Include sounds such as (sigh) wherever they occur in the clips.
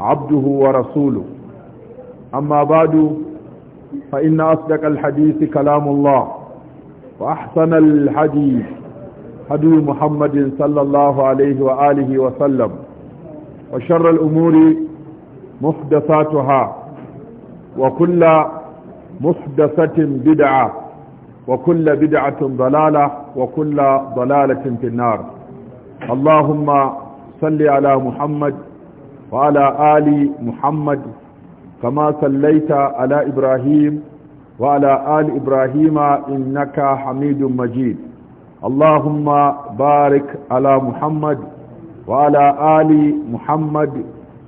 عبده ورسوله أما بعد فإن أصدق الحديث كلام الله وأحسن الحديث حدو محمد صلى الله عليه وآله وسلم وشر الأمور محدثاتها وكل محدثة بدعة وكل بدعة ضلالة وكل ضلالة في النار اللهم صل على محمد وعلى آل محمد كما صليت على إبراهيم وعلى آل إبراهيم إنك حميد مجيد اللهم بارك على محمد وعلى آل محمد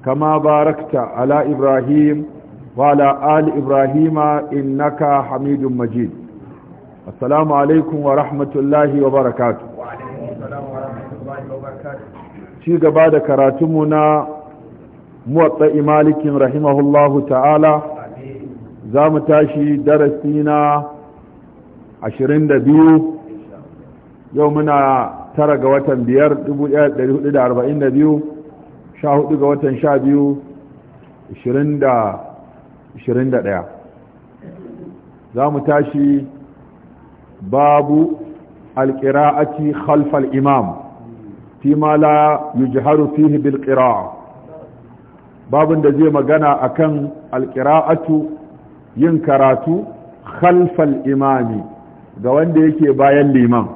كما باركت على إبراهيم وعلى آل إبراهيم إنك حميد مجيد السلام عليكم ورحمة الله وبركاته وعليكم السلام ورحمة الله وبركاته شيء قبادة كراتمنا muwatta malikin rahimahullahu ta'ala za mu tashi darasi na 22 yau muna tara ga watan 5 1442 ga watan 12 21 za mu tashi babu alƙira'aci khalfal imam fi ma la yujharu fihi bil babin da zai magana a kan alƙira'atu yin karatu khalfal imami ga wanda yake bayan liman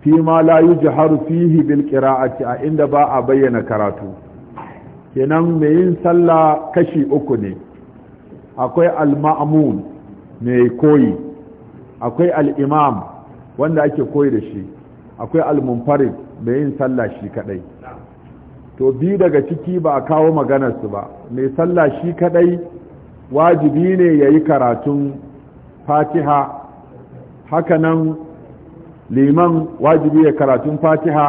fi ma la yujharu fihi bil qira'ati a inda ba a bayyana karatu kenan mai yin sallah kashi uku ne akwai al-ma'mun mai koyi akwai al-imam wanda ake koyi da shi akwai al-munfarid mai yin sallah shi kadai to bi daga ciki ba a kawo maganarsu ba mai sallah shi kadai wajibi ne ya yi karatun fatiha hakanan liman wajibi ya karatun fatiha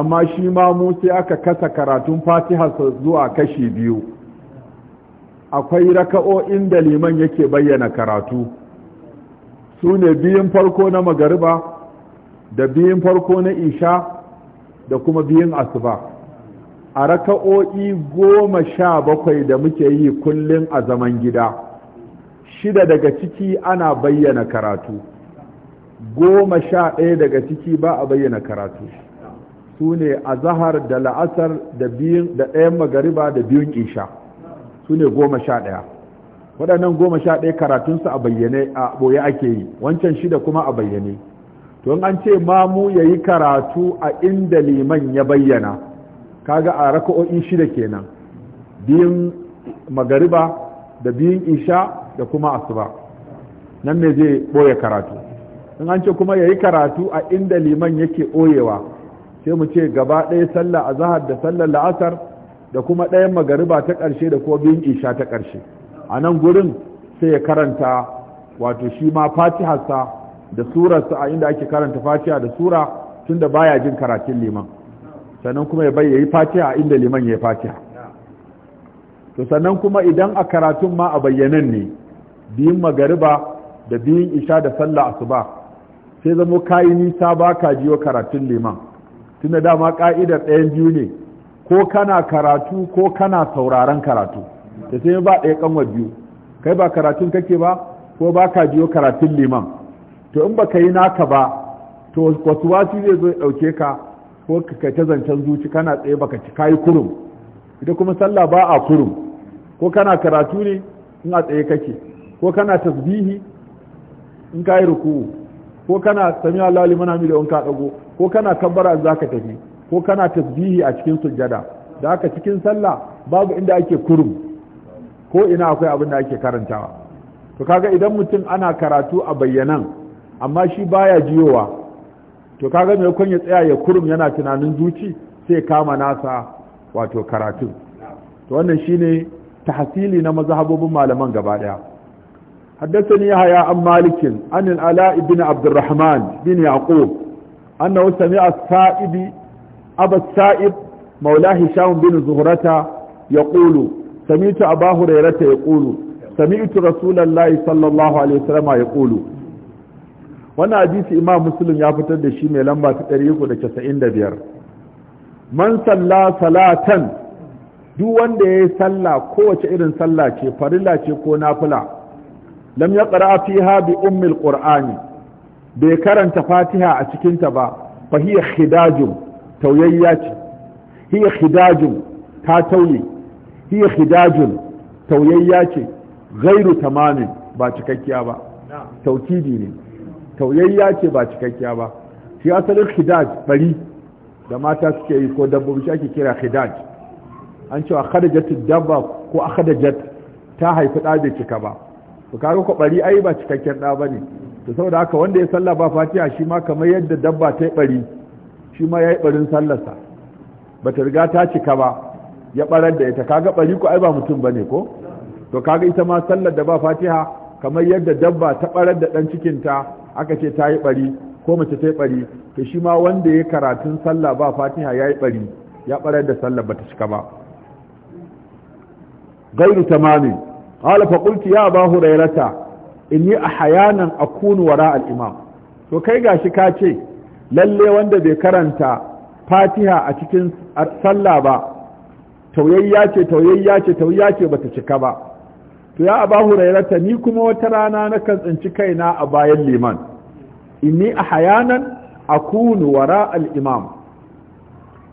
amma shi ma mu sai aka kasa karatun fatiha zuwa kashi biyu akwai raka'o'in da liman yake bayyana karatu su ne biyun farko na magariba da biyun farko na isha da kuma biyun asuba a raka'o'i goma sha bakwai da muke yi kullum a zaman gida shida daga ciki ana bayyana karatu goma sha ɗaya daga ciki ba a bayyana karatu su ne a zahar da la'asar da ɗayan magariba da biyun isha su ne goma sha ɗaya waɗannan goma sha ɗaya karatunsu a bayyane a ɓoye ake yi wancan shida kuma a bayyane don an ce mamu ya yi karatu a inda liman ya bayyana kaga a raka'o'i shida kenan biyun magariba da biyun isha da kuma asuba nan ne zai ɓoye karatu in an ce kuma ya yi karatu a inda liman yake ɓoyewa sai mu ce gaba ɗaya sallah a zahar da sallar la'asar da kuma ɗayan magariba ta ƙarshe da kuma biyun isha ta ƙarshe a nan gurin sai ya karanta wato shi ma fatihasa da surarsa a inda ake karanta fatiha da sura tun da baya jin karatun liman sannan kuma ya bayyana fatiha a inda liman ya yi fatiha to sannan kuma idan a karatun ma a bayyanan ne biyun magariba da biyun isha da sallah asuba sai zamo kayi nisa ba ka jiwa karatun liman Tun da dama ka'idar ɗayan biyu ne ko kana karatu ko kana sauraron karatu da sai ba ɗaya kanwa biyu kai ba karatun kake ba ko ba ka jiyo karatun liman to in baka yi naka ba to wasu wasu zai zo ya ɗauke ka ko ka ta zancen zuci kana tsaye baka ci kayi kurum ita kuma sallah ba a kurum ko kana karatu ne in a tsaye kake ko kana tasbihi in kayi ruku. ko kana sami Allah liman hamida in ka dago ko kana kabbara za ka tafi ko kana tasbihi a cikin sujjada da haka cikin sallah babu inda ake kurum ko ina akwai abin da ake karantawa to kaga idan mutum ana karatu a bayyanan amma shi baya jiyowa to kaga mai kun ya tsaya ya kurum yana tunanin zuci sai kama nasa wato karatu to wannan shine tahsili na mazhabobin malaman gaba daya haddathani yahya an malikin an al-ala ibn abdurrahman bin yaqub anna sami'a sa'id abu sa'id maula hisham bin zuhrata yaqulu sami'tu abahu rayrata yaqulu sami'tu rasulallahi sallallahu alaihi wasallam yaqulu wani hadisi imam muslim ya fitar da shi mai lamba ta 395 man salla salatan duk wanda ya yi salla kowace irin salla ce farilla ce ko nafila lam ya ƙara fiha bi ummil qur'ani bai karanta fatiha a cikinta ba fa hiya khidajum tauyayya ce hiya khidajum ta tauye hiya khidajum tauyayya ce gairu tamamin ba cikakkiya ba taukidi ne tauyayya ce ba cikakkiya ba shi asalin khidaj bari da mata suke yi ko dabbobi shi ake kira khidaj an cewa khadajat dabba ko khadajat ta haifi da bai cika ba to kaga ko bari ai ba cikakken da bane to saboda haka wanda ya sallah ba fatiha shi ma kamar yadda dabba ta yi bari shi ma yayi barin sallarsa bata riga ta cika ba ya barar da ita kaga bari ko ai ba mutum bane ko to kaga ita ma sallar da ba fatiha kamar yadda dabba ta barar da ɗan cikinta aka ce ta yi bari ko mace ta yi bari, to shi ma wanda ya karatun sallah ba fatiha ya yi bari, ya barar da sallah ba ta cika ba gairu tamami qala fa qulti ya ba hurairata inni ahyanan akunu wara al-imam to kai gashi ka ce lalle wanda bai karanta fatiha a cikin sallah ba tauyayya ce tauyayya ce tauyayya ce bata cika ba to ya aba hurairata ni kuma wata rana na kan tsinci kaina a bayan liman inni a hayanan kunu wara al'imam.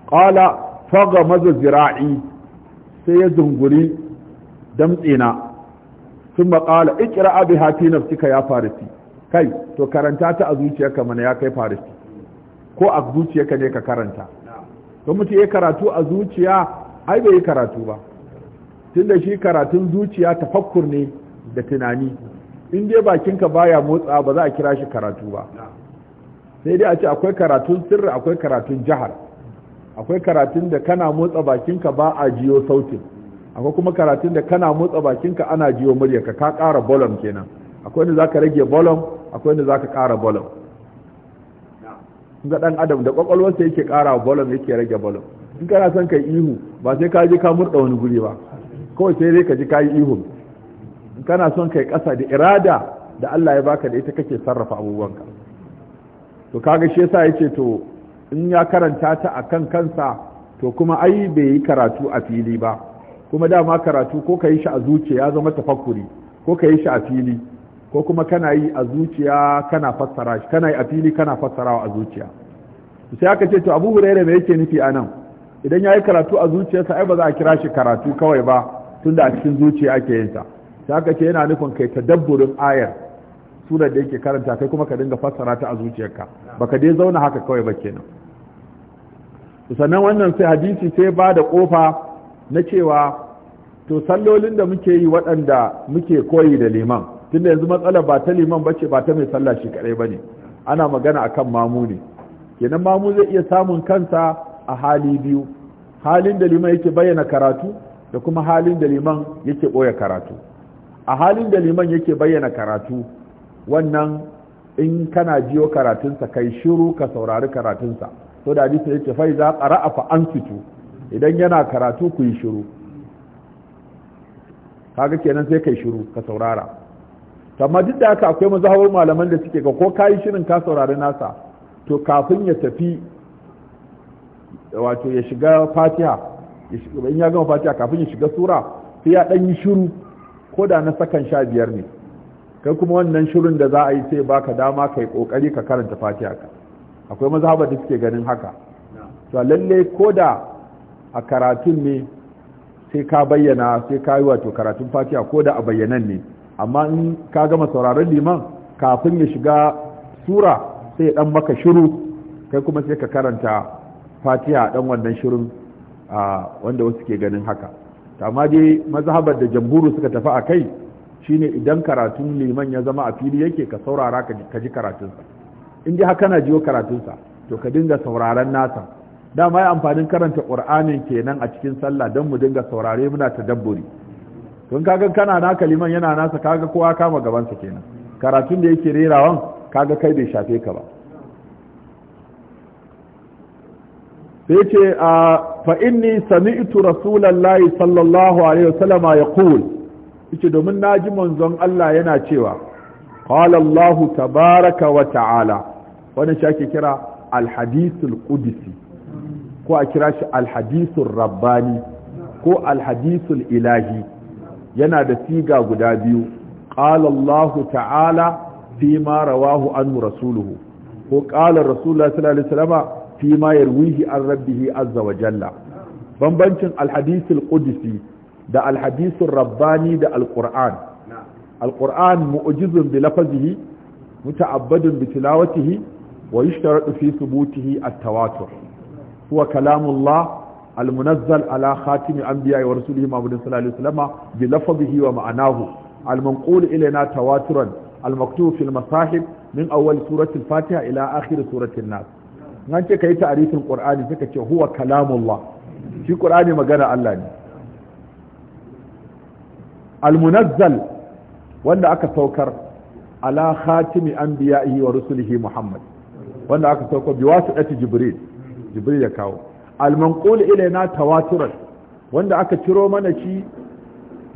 Ƙala faga maza zira'i sai ya zunguri damtsina sun maƙala ikira abi hafi na suka ya farisi kai to karanta ta a zuciyarka mana ya kai farisi ko a zuciyarka ne ka karanta to mutu ya karatu a zuciya ai bai yi karatu ba da shi karatun zuciya tafakkur ne da tunani in dai bakinka baya motsa ba za a kira shi karatu ba sai dai a ce akwai karatun sirri akwai karatun jihar akwai karatun da kana motsa bakinka ba a jiyo sautin akwai kuma karatun da kana motsa bakinka ana jiyo muryarka ka ƙara bolom kenan akwai wanda zaka rage bolom akwai wanda zaka ƙara bolom ga dan adam da kwakwalwarsa yake ƙara bolom yake rage bolom in kana son kai ihu ba sai ka je ka murda wani guri ba kawai sai dai ka ji kayi ihun kana son kai kasa da irada da Allah ya baka da ita kake sarrafa abubuwanka to kaga shi yasa yace to in ya karanta ta akan kansa to kuma ai bai yi karatu a fili ba kuma dama karatu ko ka yi shi a zuciya ya zama tafakkuri ko ka yi shi a fili ko kuma kana yi a zuciya kana fassara shi kana yi a fili kana fassarawa a zuciya sai aka ce to Abu Hurairah me yake nufi anan idan ya yi karatu a zuciyarsa ai ba za a kira shi karatu kawai ba tunda a cikin zuciya ake yin sa sai aka yana nufin kai dabburin ayar surar da yake karanta kai kuma ka dinga fassara ta a zuciyarka baka dai zauna haka kawai ba kenan sannan wannan sai hadisi sai ba da kofa na cewa to sallolin da muke yi waɗanda muke koyi da liman tunda yanzu matsalar ba ta liman ba ce ba ta mai sallah shi kadai ba ne. ana magana a kan mamu ne kenan mamu zai iya samun kansa a hali biyu halin da liman yake bayyana karatu da kuma halin da liman yake ɓoye karatu a halin da liman yake bayyana karatu wannan in kana jiyo karatunsa kai shiru ka saurari karatunsa to da hadisi yake fa za a fa an idan yana karatu ku yi shiru kaga kenan sai kai shiru ka saurara amma duk da haka akwai mazhabin malaman da suke ga ko kai shirin ka saurari nasa to kafin ya tafi wato ya shiga fatiha in ya gama fatiha kafin ya shiga sura sai ya ɗan yi shiru ko da na sakan sha biyar ne kai kuma wannan shirun da za a yi sai baka dama kai kokari ka karanta fatiha ka akwai mazhabar da suke ganin haka to lalle ko da a karatun ne sai ka bayyana sai ka yi wato karatun fatiha ko da a bayyanan ne amma in ka gama sauraron liman kafin ya shiga sura sai ya dan maka shiru kai kuma sai ka karanta fatiha dan wannan shirun. wanda wasu ke ganin haka amma dai mazhabar da jamburu suka tafi a kai shine idan karatun liman ya zama a fili yake ka saurara ka ji karatunsa in dai haka na jiyo karatunsa to ka dinga sauraron nasa dama ya amfanin karanta ƙur'anin kenan a cikin sallah don mu dinga saurare muna tadabburi tun kaga kana naka liman yana nasa kaga kowa kama gabansa kenan karatun da yake rerawan kaga kai bai shafe ka ba sai ce a fa inni sami'tu rasulallahi sallallahu alaihi wasallama yaqul ce domin ji manzon Allah yana cewa qala tabaraka wa ta'ala wannan shi kira al-hadithul ko a kira shi al rabbani ko al ilahi yana da siga guda biyu qala ta'ala fi ma rawahu anhu rasuluhu ko qala rasulullahi sallallahu alaihi wasallama fi ma yarwihi an rabbihi azza wa jalla bambancin alhadisul qudsi da alhadisul rabbani da alquran alquran mu'jizun bi lafazihi muta'abbadun bi tilawatihi wa yushtaratu fi thubutihi at-tawatur huwa kalamullah المنزل على خاتم أنبياء ورسوله محمد صلى الله عليه وسلم بلفظه ومعناه المنقول إلينا تواترا المكتوب في المصاحب من أول سورة fatiha ila آخر suratin الناس nan ce ka yi ta'arifin qur'ani suka ce huwa kalamullah shi qur'ani magana Allah ne almunazzal wanda aka saukar ala khatimi anbiya'ihi wa rusulihi muhammad wanda aka saukar bi wasiqati jibril jibril ya kawo almanqul ilaina tawaturan wanda aka ciro mana shi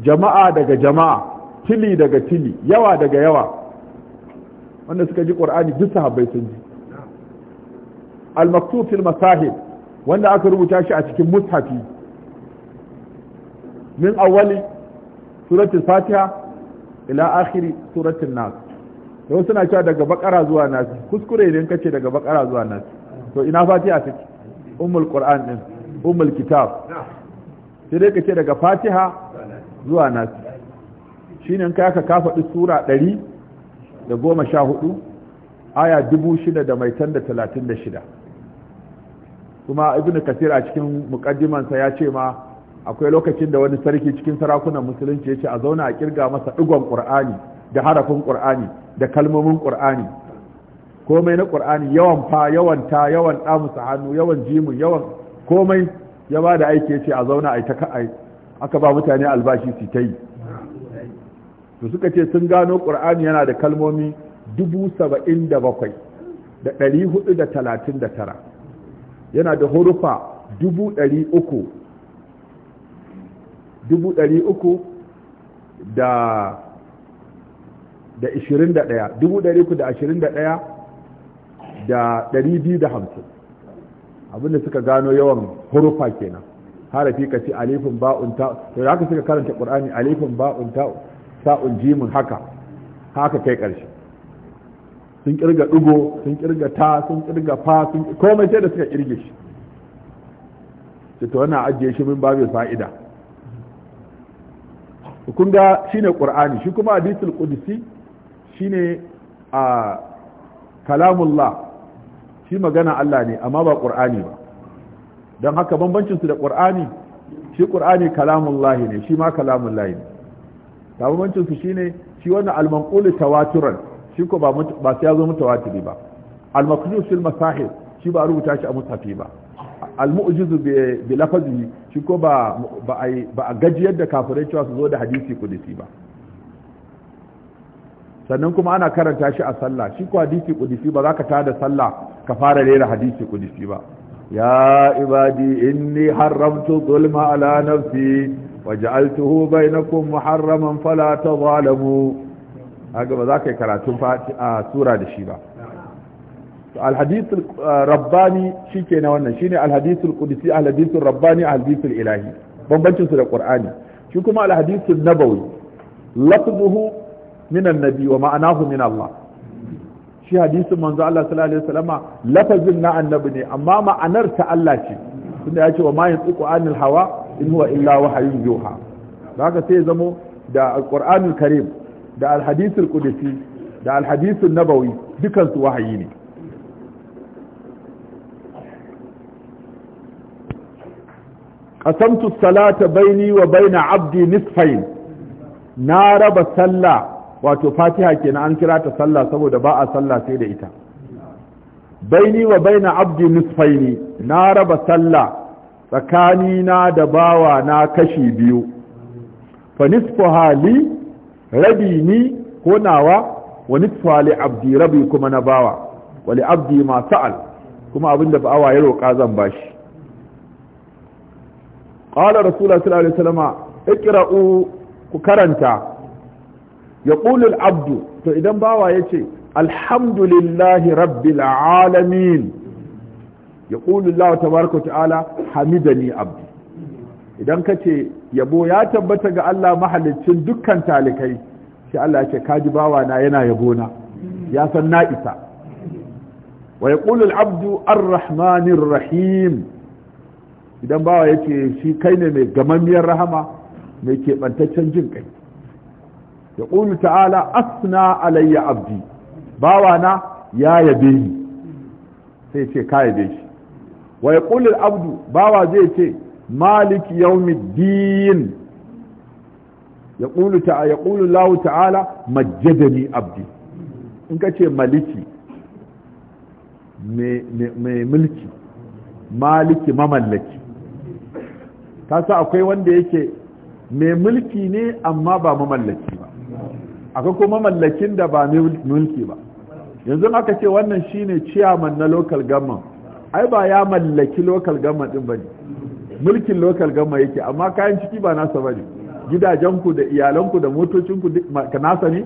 jama'a daga jama'a tili daga tili yawa daga yawa wanda suka ji qur'ani duk sahabbai sun ji al-maktub fil wanda aka rubuta shi a cikin mushafi min awwali suratul fatiha ila akhiri suratul nas yau suna cewa daga bakara zuwa nas kuskure ne kace daga bakara zuwa nas to ina fatiha take ummul qur'an din ummul kitab sai dai kace daga fatiha zuwa nas shine in kai ka kafaɗi sura 100 da goma sha hudu aya dubu shida da mai tan da talatin da shida kuma ibn kasir a cikin mukaddimansa ya ce ma akwai lokacin da wani sarki cikin sarakunan musulunci ya ce a zauna a kirga masa digon qur'ani da harafin qur'ani da kalmomin qur'ani komai na qur'ani yawan fa yawan ta yawan damusa hannu yawan jimu yawan komai ya ba da aiki ya ce a zauna a ta aka ba mutane albashi su ta yi to suka ce sun gano qur'ani yana da kalmomi dubu saba'in da bakwai da ɗari hudu da talatin da tara yana da hurufa dubu ɗari uku dubu ɗari uku da da ishirin da ɗaya dubu ɗari uku da ashirin da ɗaya da ɗari biyu da hamsin abinda suka gano yawan hurufa kenan harafi ka ce alifin ba'un ta to haka suka karanta ƙur'ani alifin ba'un ta sa'un jimin haka haka kai ƙarshe sun kirga ɗigo sun kirga ta sun kirga fa sun komai sai da suka kirge shi ce to wannan ajiye shi min babu fa'ida kun ga shine qur'ani shi kuma hadithul qudsi shine a kalamullah shi magana Allah ne amma ba qur'ani ba don haka bambancinsu da qur'ani shi qur'ani kalamullah ne shi ma kalamullah ne bambancinsu shine shi wannan al-manqulu tawaturan shi ko ba ba sai ya zo mutawatiri ba al-maqdus fil masahib shi ba rubuta shi a mushafi ba al-mu'jizu bi lafzi shi ko ba ba a gajiyar da kafirai cewa su zo da hadisi kudusi ba sannan kuma ana karanta shi a sallah shi ko hadisi kudusi ba za ka tada sallah ka fara rera hadisi kudusi ba ya ibadi inni haramtu zulma ala nafsi waja'altuhu bainakum muharraman fala tadhalamu haka ba za ka yi karatun a sura da shi ba alhadisul rabbani shi ke na wannan shine alhadisul qudsi alhadisul rabbani alhadisul ilahi bambancin su da qur'ani shi kuma alhadisul nabawi lafzuhu min annabi wa ma'anahu min Allah shi hadisin manzo Allah sallallahu alaihi wasallama lafazin na annabi ne amma ma'anar ta Allah ce tunda ya ce wa ma yantiqu anil hawa in huwa illa wahyun yuha haka sai zamo da alqur'anul karim da alhadisul qudsi da alhadisul nabawi dukansu wahayi ne qasamtu salata bayni wa bayna abdi nisfain na raba sallah wato fatiha kenan an kira ta sallah saboda ba a sallah sai da ita baini wa baina abdi nisfaini na raba sallah tsakanina da bawa na kashi biyu fa nisfu hali rabi ni ko nawa wa nisfa li abdi rabi kuma na bawa wa li abdi ma sa'al kuma abinda ba'awa ya roƙa zan bashi qala rasulullahi sallallahu alaihi wasallam iqra'u ku karanta yaqulu al abdu to idan bawa yace alhamdulillahi rabbil alamin yaqulu allah tabaaraka ta'ala hamidani abdi idan ka ce yabo ya tabbata ga Allah mahalicin dukkan talikai shi Allah ya ce kaji bawa na yana yabo na ya san na isa wa yaqulu abdu ar-rahmanir rahim idan bawa yace shi kai ne mai gamammiyar rahama mai keɓantaccen jin kai yaqulu ta'ala asna alayya abdi bawa na ya yabe ni sai ce ka yabe shi wa yaqulu abdu bawa zai ce مالك يوم الدين يقول تعالى يقول الله تعالى مجدني عبدي in ka ce maliki mai mulki maliki mamallaki ta sa akwai wanda yake mai mulki ne amma ba mamallaki ba akwai kuma mamallakin دا با mai mulki ba yanzu aka ce wannan shine chairman na local government ai ba ya mallaki local government din bane mulkin local gama yake amma kayan ciki ba nasa bane gidajenku da iyalanku da motocinku ka nasa ne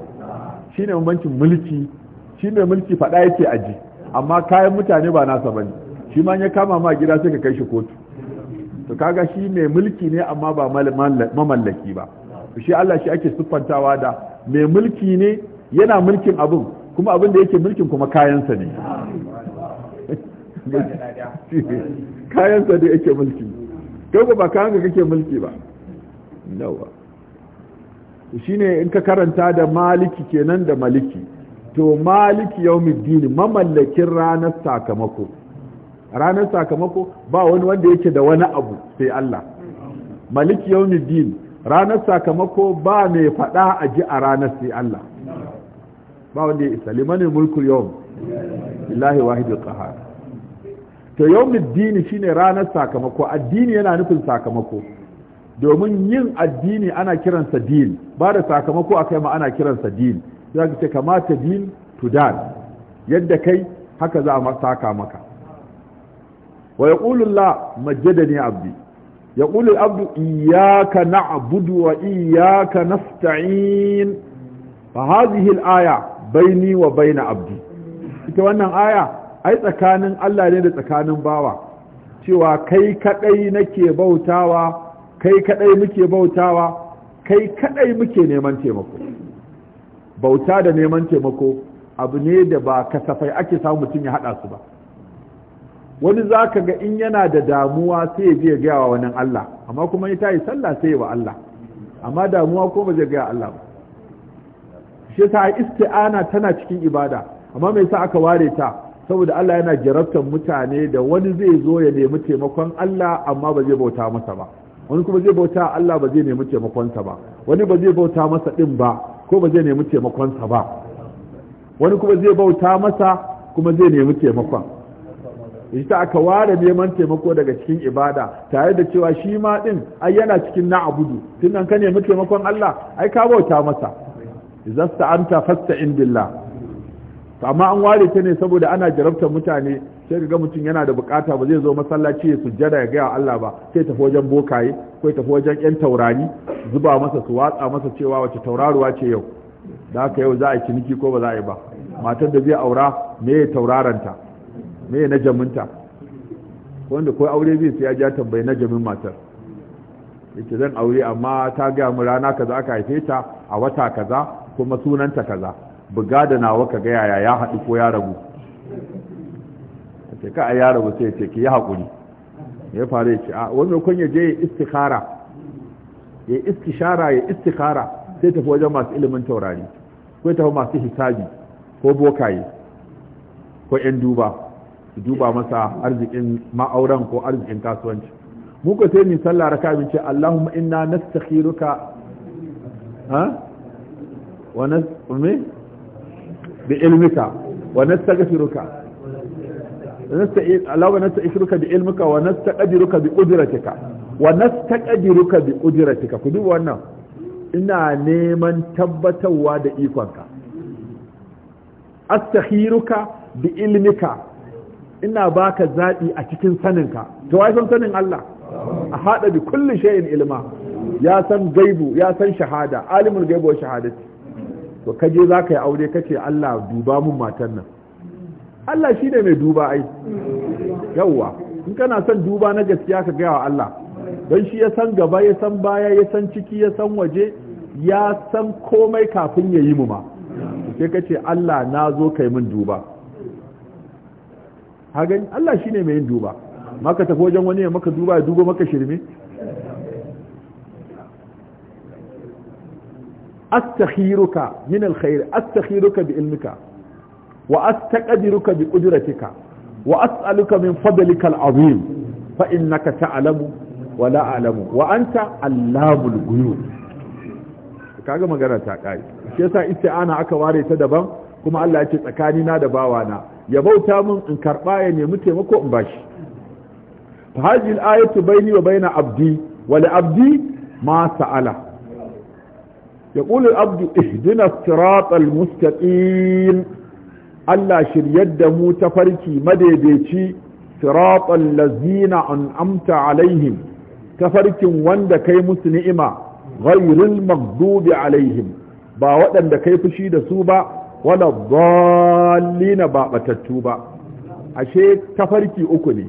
shine bambancin mulki shine mulki fada yake aji amma kayan mutane ba nasa bane shi ma ya kama ma gida sai ka kai shi kotu to kaga shi mai mulki ne amma ba mamallaki ba shi Allah shi ake siffantawa da mai mulki ne yana mulkin abin kuma abin da yake mulkin kuma kayansa ne kayansa da (laughs) yake mulki kai ba ka hanga kake mulki ba yawa ne in ka karanta da maliki kenan da maliki to maliki middini mamallakin ranar sakamako ranar sakamako ba wani wanda yake da wani abu sai Allah maliki middini ranar sakamako ba mai fada a ji a ranar sai Allah ba wanda ya isa limanin mulkul yawm lillahi wahidul qahhar to yawmin dini shine ranar sakamako addini yana nufin sakamako domin yin addini ana kiransa din ba da sakamako akai ma ana kiransa din za ka ce kamata din to dan yadda kai haka za a saka maka wa yaqulu Allah majadani abdi yaqulu abdu iyyaka na'budu wa iyyaka nasta'in fa hadhihi al-aya baini wa baina abdi ita wannan aya ai tsakanin Allah ne da tsakanin bawa cewa kai kadai nake bautawa kai kadai muke bautawa kai kadai muke neman taimako bauta da neman taimako abu ne da ba kasafai ake samu mutum ya hada su ba wani za ka ga in yana da damuwa sai ya je ya gaya wa wani Allah amma kuma ya tayi sallah sai ya wa Allah amma damuwa ko ba zai gaya Allah ba shi yasa isti'ana tana cikin ibada amma me yasa aka ware ta saboda Allah yana jarabtar mutane da wani zai zo ya nemi taimakon Allah amma ba zai bauta masa ba wani kuma zai bauta Allah ba zai nemi taimakonsa ba wani ba zai bauta masa din ba ko ba zai nemi taimakonsa ba wani kuma zai bauta masa kuma zai nemi taimakon shi ta aka ware neman taimako daga cikin ibada tare da cewa shi ma din ai yana cikin na abudu tun nan ka nemi taimakon Allah ai ka bauta masa idza anta fasta indillah to amma an ware ta ne saboda ana jarabtar mutane sai ga mutum yana da bukata ba zai zo masallaci ya sujjada ya gaya Allah ba sai tafi wajen bokaye ko tafi wajen yan taurari zuba masa su watsa masa cewa wace tauraruwa ce yau da haka yau za a yi ciniki ko ba za a yi ba matar da zai aura me ya tauraranta me ya najaminta wanda ko aure zai sai ya ja tambayi najamin matar yake zan aure amma ta gaya mu rana kaza aka haife ta a wata kaza kuma sunanta kaza buga da nawa ka ga yaya ya haɗu ko ya rabu ce ka a ya rabu sai ce ki yi haƙuri ya faru ya ce a ah, wani kun ya je ya istikhara ya istishara ya istikhara sai tafi wajen masu ilimin taurari ko tafi masu hisabi ko bokaye ko 'yan duba su duba masa arzikin ma'auran ko arzikin kasuwanci mu ko sai ni sallah raka min ce Allahumma inna nastakhiruka ha wa nas بعلمك ونستغفرك اللهم نستغفرك بعلمك ونستقدرك بقدرتك ونستقدرك بقدرتك كدوب وانا ina neman tabbatarwa da ikonka astakhiruka bi ilmika ina baka zaɓi a cikin saninka to wai san sanin Allah a hada bi kulli shay'in ilma ya san gaibu ya san shahada gaibu wa to ka je za ka yi aure kace ce Allah duba mun matan nan Allah shi ne mai duba ai yawwa in kana son duba na gaskiya ka gaya wa Allah don shi ya san gaba ya san baya ya san ciki ya san waje ya san komai kafin ya yi mu ma sai ka ce Allah na zo kai min duba hagan Allah shi ne mai yin duba maka tafi wajen wani ya maka duba ya duba maka shirme astakhiruka min alkhair astakhiruka bi ilmika wa astaqdiruka bi qudratika wa as'aluka min fadlika al'azim fa innaka ta'lamu wa la a'lamu wa allamul ghuyub kaga magana ta kai shi yasa isti'ana aka ware ta daban kuma Allah ya ce tsakani na da na ya bauta min in karɓa ya nemi taimako in bashi fa hadhihi al-ayatu bayni wa bayna abdi wa abdi ma يقول العبد اهدنا الصراط المستقيم Allah shiryar da mu tafarki farki madaidaici siratal lazina an'amta alaihim ta farkin wanda kai musu ni'ima ghairul maghdubi alaihim ba waɗanda kai fushi da su ba wala dhallina ba batattu ba ashe tafarki uku ne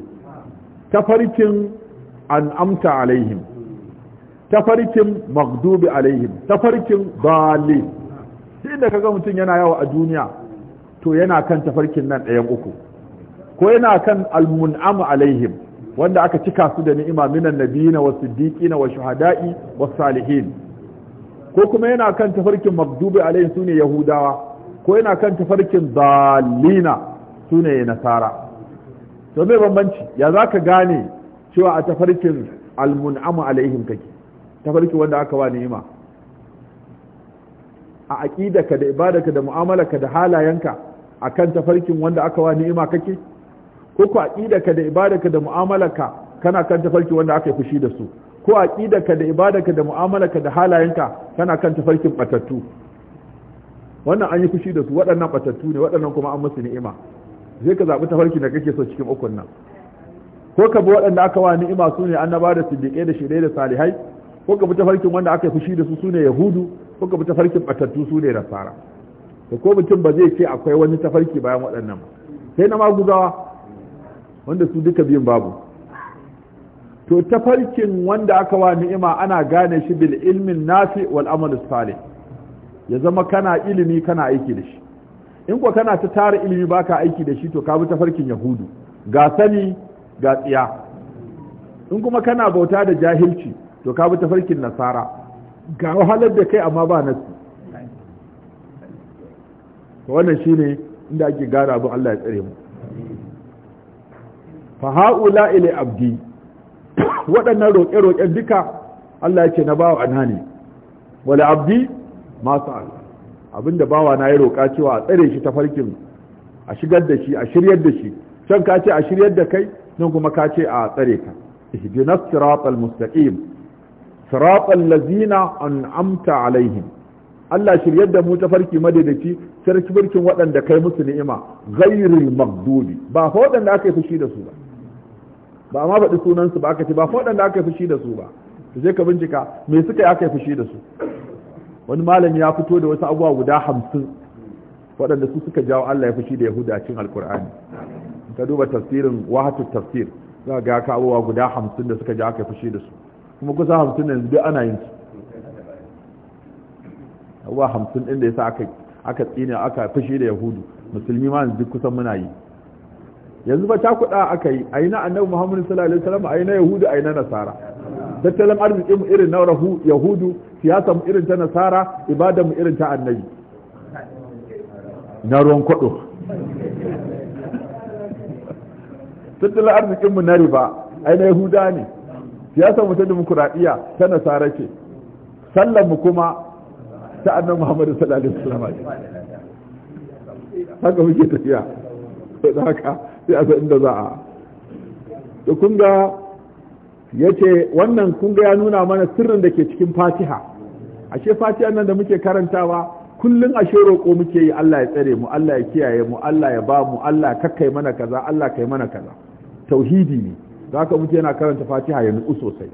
tafarkin an'amta alaihim tafarkin maghdubi alaihim tafarkin bali shi da kaga mutum yana yawa a duniya to yana kan tafarkin nan ɗayan uku ko yana kan almun'amu alaihim wanda aka cika su da ni'ima minan nabiyina was siddiqina wa shuhada'i was salihin ko kuma yana kan tafarkin Makdubi alaihim sune yahudawa ko yana kan tafarkin dalina sune nasara to me bambanci ya zaka gane cewa a tafarkin almun'amu alaihim kake tafarki wanda aka wa ni'ima a aqidarka da ibadaka da ka da halayenka akan tafarkin wanda aka wa ni'ima kake ko ku aqidarka da ibadaka da ka kana kan tafarkin wanda aka yi fushi da su ko aqidarka da ibadaka da ka da halayenka kana kan tafarkin batattu wannan an yi fushi da su waɗannan batattu ne waɗannan kuma an musu ni'ima zai ka zaɓi tafarki da kake so cikin ukun nan ko ka bi waɗanda aka wa ni'ima su ne annaba da siddiƙe da shirye da salihai ko ka tafarkin wanda aka fushi da su sune yahudu ko ka tafarkin batattu sune nasara to ko mutum ba zai ce akwai wani tafarki bayan waɗannan ba sai na magugawa, wanda su duka biyun babu to tafarkin wanda aka wa ni'ima ana gane shi bil ilmin nafi wal amal salih ya zama kana ilimi kana aiki da shi in ko kana ta tara ilimi baka aiki da shi to ka bi tafarkin yahudu ga sani ga tsiya in kuma kana bauta da jahilci to ka bi tafarkin nasara ga wahalar da kai amma ba nasu wannan shi ne inda ake gane abin Allah ya tsare mu fa haula ila abdi waɗannan roƙe-roƙen duka Allah yake na bawa ne. wala abdi ma sa'al abinda bawa na ya roƙa cewa a tsare shi tafarkin a shigar da shi a shiryar da shi can ka ce a shiryar da kai nan kuma ka ce a tsare ka ihdinas siratal mustaqim siratal lazina an amta alaihim Allah shiryar da mu ta farki madadaci sarki birkin waɗanda kai musu ni'ima ghairil maghdubi ba fa waɗanda aka yi fushi da su ba ba ma faɗi sunan su ba aka ce ba fa waɗanda aka yi fushi da su ba to je ka bincika me suka yi aka yi fushi da su wani malami ya fito da wasu abubuwa guda hamsin waɗanda su suka jawo Allah ya fushi da Yahuda cikin Alƙur'ani ka duba tafsirin wahatu tafsir za ga ka abubuwa guda hamsin da suka jawo aka yi fushi da su kuma kusa hamsin yanzu duk ana yin su abuwa hamsin ɗin da ya sa aka tsine aka fashe da yahudu musulmi ma yanzu duk kusan muna yi yanzu ba cakuɗa aka yi a yi na annabi muhammadu sallallahu alaihi wasallam a yi na yahudu a yi na nasara tattalin arziki mu irin na yahudu siyasa mu irin ta nasara ibada mu irin ta annabi na ruwan kwaɗo tattalin arzikin mu na riba yi na yahuda ne Siyasa mu ta demokuraɗiyya ta nasara ce sallan mu kuma ta annabi muhammadu sallallahu alaihi wasallam haka muke tafiya to da haka sai a san inda za a to kun ga yace wannan kun ga ya nuna mana sirrin da ke cikin fatiha ashe fatiha nan da muke karantawa kullun ashe roƙo muke yi Allah ya tsare mu Allah ya kiyaye mu Allah ya ba mu Allah kakkai mana kaza Allah kai mana kaza tauhidi ne za ka mutu yana karanta fatiha ya nutsu sosai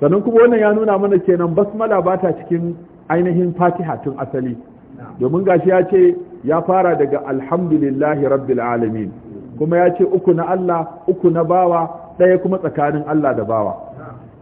sannan kuma wannan ya nuna mana kenan basmala ba ta cikin ainihin fatiha tun asali domin gashi ya ce ya fara daga alhamdulillahi rabbil alamin kuma ya ce uku na Allah uku na bawa ɗaya kuma tsakanin Allah da bawa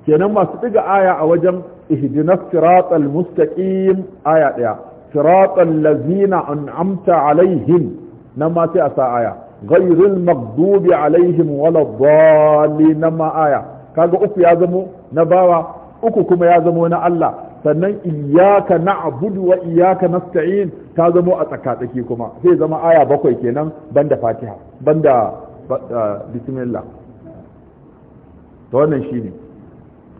kenan masu ɗiga aya a wajen ihdinas siratal mustaqim aya ɗaya siratal lazina an'amta alaihim nan ma sai a sa aya ghayril makdubi alaihim waladdallin ma aya kaga uku ya zamo na bawa uku kuma ya zamo na Allah sannan iyyaka na'budu wa iyyaka nasta'in ta zamo a tsakatsaki kuma sai zama aya bakwai kenan banda Fatiha banda ah, bismillah to wannan shine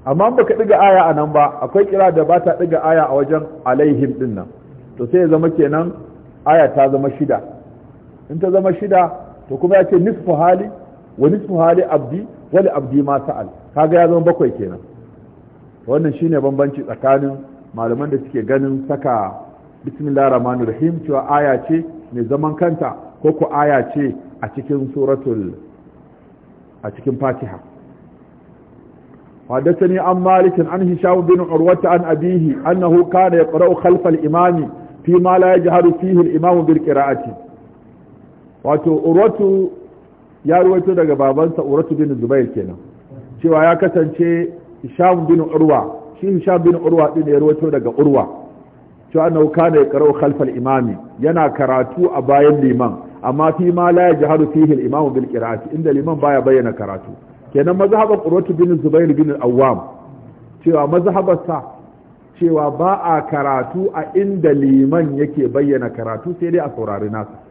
amma baka diga aya a nan ba akwai kira da ba ta diga aya a wajen alaihim dinnan to sai zama kenan aya ta zama shida in ta zama shida to kuma ya ce nisfu hali wa nisfu hali abdi wali abdi ma sa'al kaga ya zama bakwai kenan wannan shine bambanci tsakanin malaman da suke ganin saka bismillahir rahmanir rahim cewa aya ce mai zaman kanta ko ko aya ce a cikin suratul a cikin fatiha حدثني عن مالك عن هشام بن عروة عن أبيه أنه كان يقرأ خلف الإمام فيما لا يجهر فيه الإمام بالقراءة wato urwatu ya ruwaito daga babansa urwatu bin zubair kenan cewa ya kasance hisham bin urwa shi hisham bin urwa din ya ruwaito daga urwa cewa annahu kana yaqra'u khalfal imami yana karatu a bayan liman amma fi ma la yajharu fihi al-imamu bil qira'ati inda liman baya bayyana karatu kenan mazhaban urwatu bin zubair bin al-awwam cewa mazhabarsa cewa ba a karatu a inda liman yake bayyana karatu sai dai a saurari nasa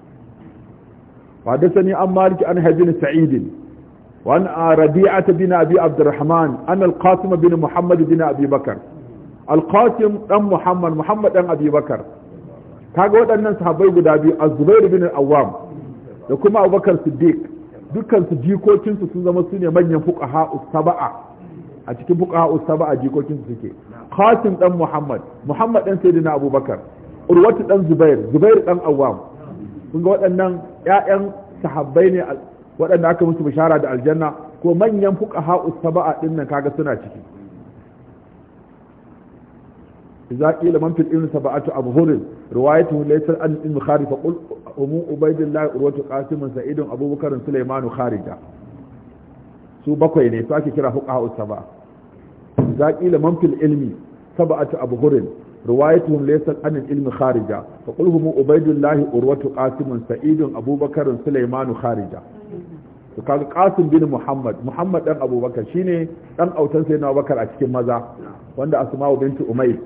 وحدثني عن مالك عن بن سعيد وعن ربيعة بن أبي عبد الرحمن أن القاسم بن محمد بن أبي بكر القاسم أم محمد محمد أم أبي بكر kaga waɗannan sahabai guda biyu a zubairu bin awam da kuma abubakar siddiq dukkansu jikokinsu sun zama su ne manyan fuqaha saba'a a cikin fuqaha saba'a jikokinsu suke qasim dan muhammad muhammad dan sayyidina abubakar urwatu dan zubair zubair dan awam kun ga waɗannan ƴaƴan sahabbai ne waɗanda aka musu bishara da aljanna ko manyan fuqaha usaba'a ɗin nan kaga suna ciki idza qila man fil ilmi sab'atu abhur riwayatuhu laysal an ibn kharij fa qul umu ubaydillah urwatu qasim sa'idun abubakar sulaiman kharija su bakwai ne su ake kira fuqaha ba idza qila man fil ilmi sab'atu abhur روايتهم ليست anin العلم خارجة فقل هم عبيد الله أروة قاسم سعيد أبو بكر سليمان خارجة kaga Qasim bin Muhammad Muhammad dan Abubakar shine dan autan Sayyidina Abubakar a cikin maza wanda Asma'u binti Umayr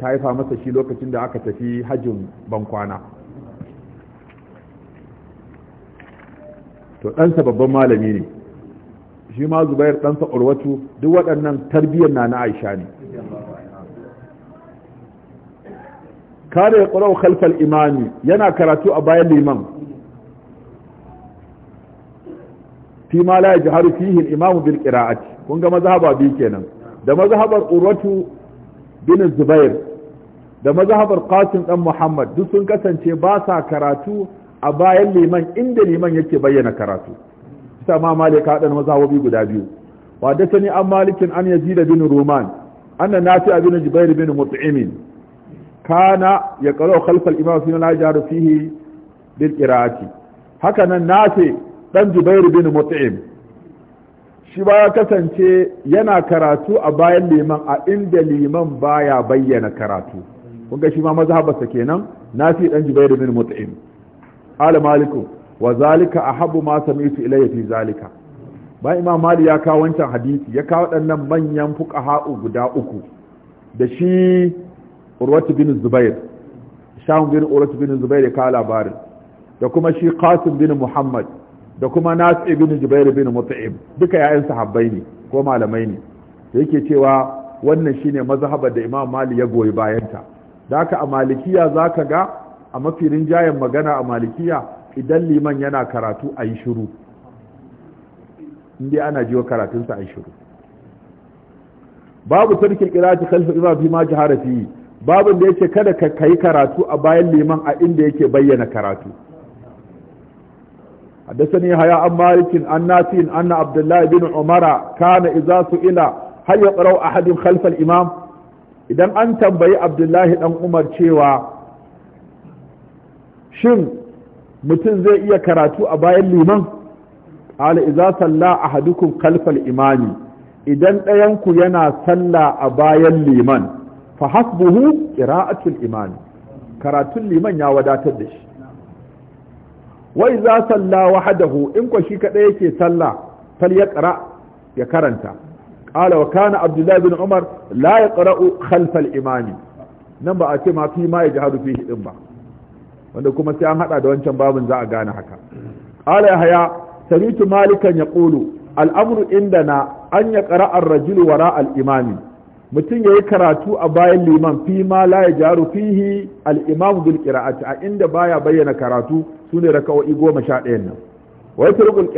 ta haifa masa shi lokacin da aka tafi hajjin bankwana to ɗansa babban malami ne shi ma zubair ɗansa urwatu duk waɗannan tarbiyyar na,na aisha ne kare ya ƙwarau khalfal imami yana karatu a bayan liman fi ma la yajharu fihi imam bil qira'ati kun ga mazhaba bi kenan da mazhabar urwatu bin zubair da mazhabar qasim dan muhammad duk sun kasance ba sa karatu a bayan liman inda liman yake bayyana karatu ita ma malika dan mazhabobi guda biyu wa da sani an malikin an yazida bin ruman anna a bin jubair bin mut'imin kana ya karo khalfal imam fi la jaru fihi bil qira'ati haka nan nafi dan jubair bin mut'im shi ba kasance yana karatu a bayan liman a inda liman baya bayyana karatu kun ga shi ma mazhabarsa kenan nafi dan jubair bin mut'im alamaliku maliku wa zalika ahabbu ma sami'tu ilayya fi zalika ba imam mali ya kawo wancan hadisi ya kawo waɗannan manyan fuqaha guda uku da shi urwatu bin zubair shahun bin urwatu bin zubair ya labarin da kuma shi qasim bin muhammad da kuma nasi bin zubair bin mut'im duka yayan sahabbai ne ko malamai ne da yake cewa wannan shine mazhabar da imam mali ya goyi bayanta da haka a malikiya zaka ga a mafi rinjayen magana a malikiya idan liman yana karatu a yi shiru inda ana jiwa karatunsa a yi shiru babu sarki kirati kalfa ima fi ma jihara fi babin da yake kada ka kai karatu a bayan liman a inda yake bayyana karatu حدثني هيا an مالك عن نافع أن عبد الله بن عمر su ila سئل هل a أحد خلف الإمام idan an tambayi abdullahi dan umar cewa shin mutum zai iya karatu a bayan liman ala iza salla ahadukum khalfal imami idan ɗayanku yana salla a bayan liman fa hasbuhu qira'atul imam karatun liman ya wadatar da shi wai za salla wahadahu in ko shi kadai yake salla fal yaqra ya karanta qala wa kana abdullahi bin umar la yaqra'u khalf al nan ba a ce ma fi ma yajhadu fihi din ba wanda kuma sai an hada da wancan babin za a gane haka qala haya sami'tu malikan yaqulu al-amru indana an yaqra'a ar-rajulu wara al-imami mutum ya yi karatu a bayan liman fi ma la ya jaru fihi al'imam bil qira'ati a inda baya bayyana karatu su ne raka'o'i goma sha ɗayan nan wa ya turgul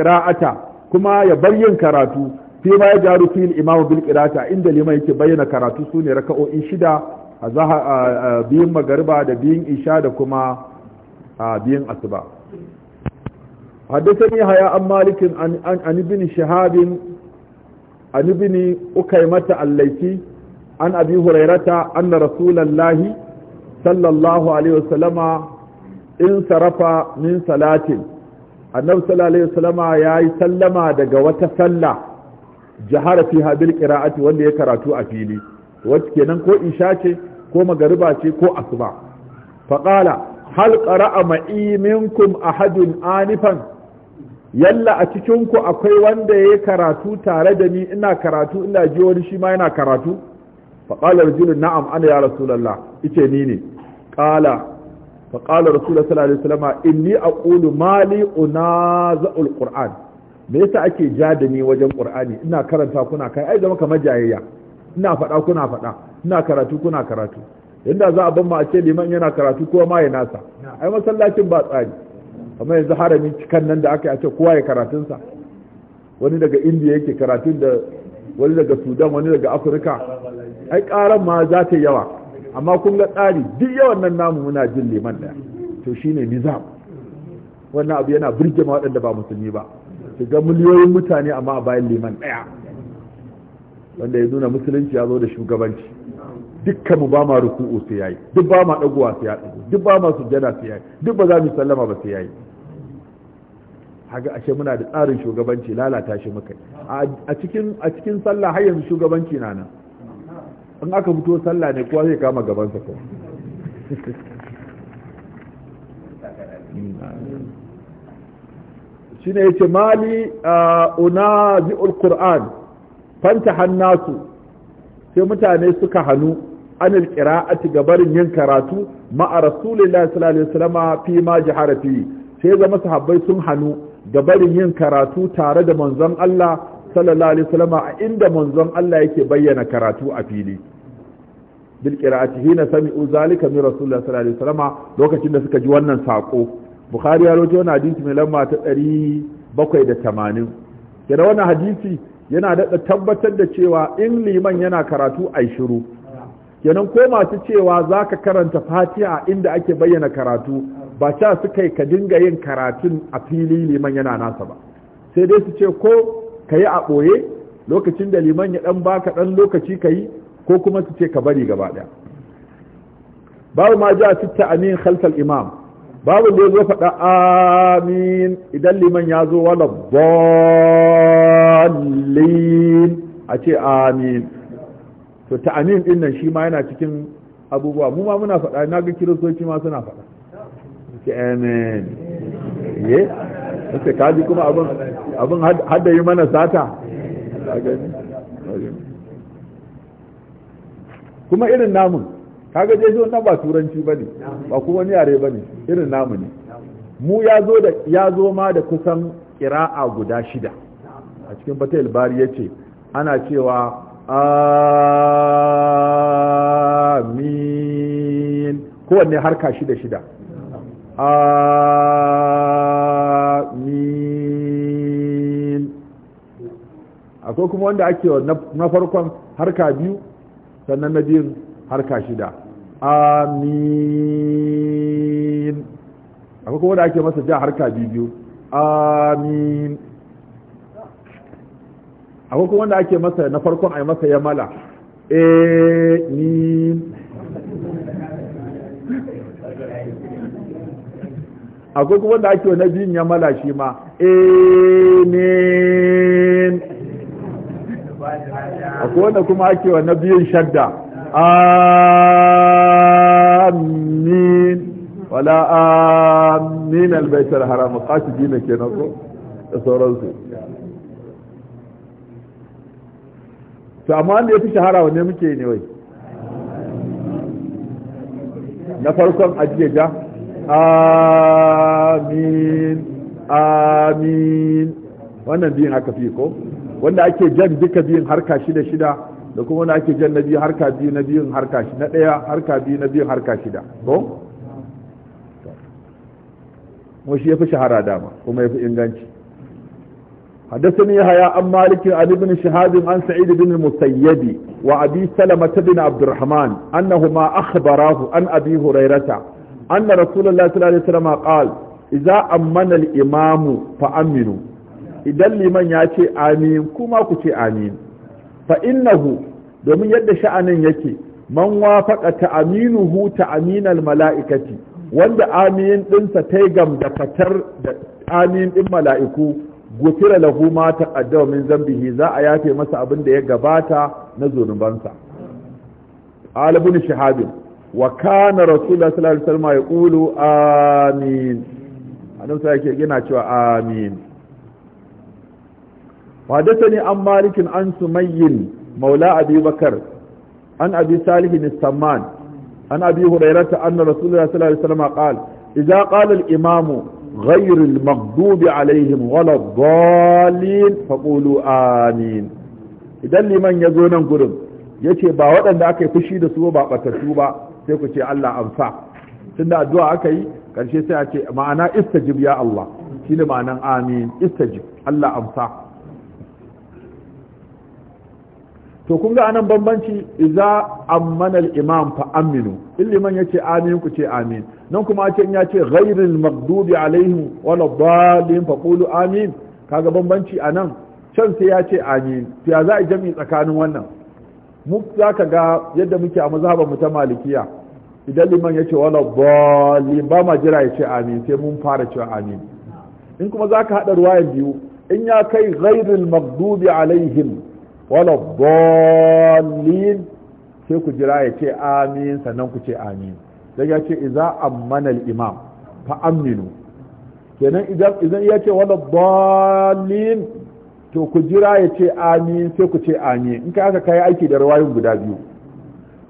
kuma ya yin karatu fi ma ya jaru fihi al'imam bil qira'ati a inda liman yake bayyana karatu su ne raka'o'i shida a biyun magariba da biyun isha da kuma biyun asuba حدثني هيا عن مالك عن عن ابن شهاب عن ukai mata allaiki an abi hurairata anna rasulallahi sallallahu alaihi wasallama in sarafa min salatin annabi sallallahu alaihi wasallama yayi sallama daga wata sallah jahara fiha bil qira'ati wanda ya karatu a fili wacce kenan ko isha ce ko magariba ce ko asuba Faƙala hal qara'a ma'i a hadin anifan yalla a cikinku akwai wanda ya karatu tare da ni ina karatu ina ji wani shi ma yana karatu يا رسول na'am ana ya ني ice ni ne ƙala صلى الله عليه وسلم اني اقول ما mali unaza'ul qur'an me yasa ake ja ni wajen qur'ani ina karanta kuna kai ai zama kamar jayayya ina fada kuna fada ina karatu kuna karatu inda za a ban ma a ce liman yana karatu kowa ma ya nasa ai masallacin ba tsari kamar yanzu harami cikan nan da aka yi a ce kowa ya karatunsa wani daga indiya yake karatun da wani daga sudan wani daga afirka ai ƙaran ma za ta yawa amma kun ga tsari duk yawan nan namu muna jin liman ɗaya to shine nizam wannan abu yana birge ma waɗanda ba musulmi ba su ga miliyoyin mutane amma a bayan liman ɗaya wanda ya nuna musulunci ya zo da shugabanci dukkan mu ba ma ruku'u su yayi duk ba ma ɗaguwa su yayi duk ba ma sujjada su yayi duk ba za mu sallama ba su yayi haga ashe muna da tsarin shugabanci lalata shi muka a cikin a cikin sallah har yanzu shugabanci na nan in aka fito sallah ne kowa zai kama gabansa ko shi ne yace mali unazi'ul qur'an fanta hannasu sai mutane suka hannu anil qira'ati gabarin yin karatu ma'a rasulillahi sallallahu fi ma jahara fi sai zama sahabbai sun hannu gabarin yin karatu tare da manzon Allah sallallahu alaihi wasallam a inda manzon Allah yake bayyana karatu a fili bil qira'ati hina sami'u zalika min rasulullah sallallahu alaihi wasallam lokacin da suka ji wannan sako bukhari ya rawaito wannan hadisi mai lamba ta 780 kenan wannan hadisi yana da tabbatar da cewa in liman yana karatu a shiru kenan ko masu cewa zaka karanta fatiha inda ake bayyana karatu ba sha suka ka dinga yin karatun a fili liman yana nasa ba sai dai su ce ko ka yi a ɓoye lokacin da liman ya ɗan baka ɗan lokaci ka yi ko kuma su ce ka bari gaba ɗaya babu ma ji a sitta amin khalfal imam babu da zo faɗa amin idan liman ya zo wala bollin a ce amin to ta amin ɗin nan shi ma yana cikin abubuwa mu ma muna faɗa na ga kiristoci ma suna faɗa ce amin ye eh, sai kaji kuma abin abin hada yi mana sata kuma irin namun kaga je zo na ba turanci ba ne ba kuma wani yare ba ne irin namu ne mu ya zo da ya zo ma da kusan kira'a guda shida a cikin bata bari ya ce ana cewa amin kowanne harka shida shida akwai kuma wanda ake na farkon harka biyu sannan na biyun harka shida amin akwai kuma wanda ake masa ja harka biyu biyu amin akwai kuma wanda ake masa na farkon a yi masa yamala amin akwai kuma wanda ake na biyun yamala shi ma amin akwai wanda kuma ake wa na biyun shadda amin wala amin albaitar haramu kashi na kenan ko da sauransu to amma wanda ya fi shahara ne muke ne wai na farkon ajiye ja amin amin wannan biyun aka fi ko wanda ake jan duka biyun harka shida shida da kuma wanda ake jan na biyu harka biyu na biyun harka shi na ɗaya harka biyu na biyun harka shida ko kuma shi fi shahara dama kuma fi inganci حدثني يحيى عن مالك عن ابن شهاب عن سعيد بن المسيب وابي سلمة بن عبد الرحمن انهما اخبراه عن ابي هريرة ان رسول الله صلى الله عليه وسلم قال اذا امن الامام فامنوا idan liman ya ce amin kuma ku ce amin fa innahu domin yadda sha'anin yake man wafaqa ta'aminuhu ta'aminal mala'ikati wanda amin dinsa ta gam da fatar da amin din mala'iku gufira lahu ma taqaddama min zambihi za a yafe masa abin da ya gabata na zunubansa alibun shahabin wa kana rasulullah sallallahu alaihi wasallam yaqulu amin annabi sai yake yana cewa amin وحدثني عن مالك عن سمي مولى أبي بكر عن أبي صالح السمان عن أبي هريرة أن رسول الله صلى الله عليه وسلم قال إذا قال الإمام غير المغضوب عليهم ولا الضالين فقولوا آمين إذا لمن يزون قرب yace ba waɗanda aka yi fushi da su ba batattu ba sai ku ce Allah amsa tunda addu'a aka yi karshe sai a ce ma'ana istajib ya Allah shine ma'anan amin istajib Allah amsa to kun ga anan bambanci iza ammana al-imam fa aminu Liman yace amin ku ce amin nan kuma ce in yace ghairil maghdubi alaihim wala dalin fa qulu amin kaga bambanci anan can sai yace amin to ya za a jami tsakanin wannan mu zaka ga yadda muke a mazhaban mu ta malikiya idan liman yace wala dalin ba ma jira yace amin sai mun fara cewa amin in kuma zaka hada ruwayan biyu in ya kai ghairil maghdubi alaihim wala dalil sai ku jira ya ce amin sannan ku ce amin sai ya ce idza ammana al-imam fa aminu kenan idan idan ya ce wala dalil to ku jira ya ce amin sai ku ce amin in kai aka kai aiki da rawayin guda biyu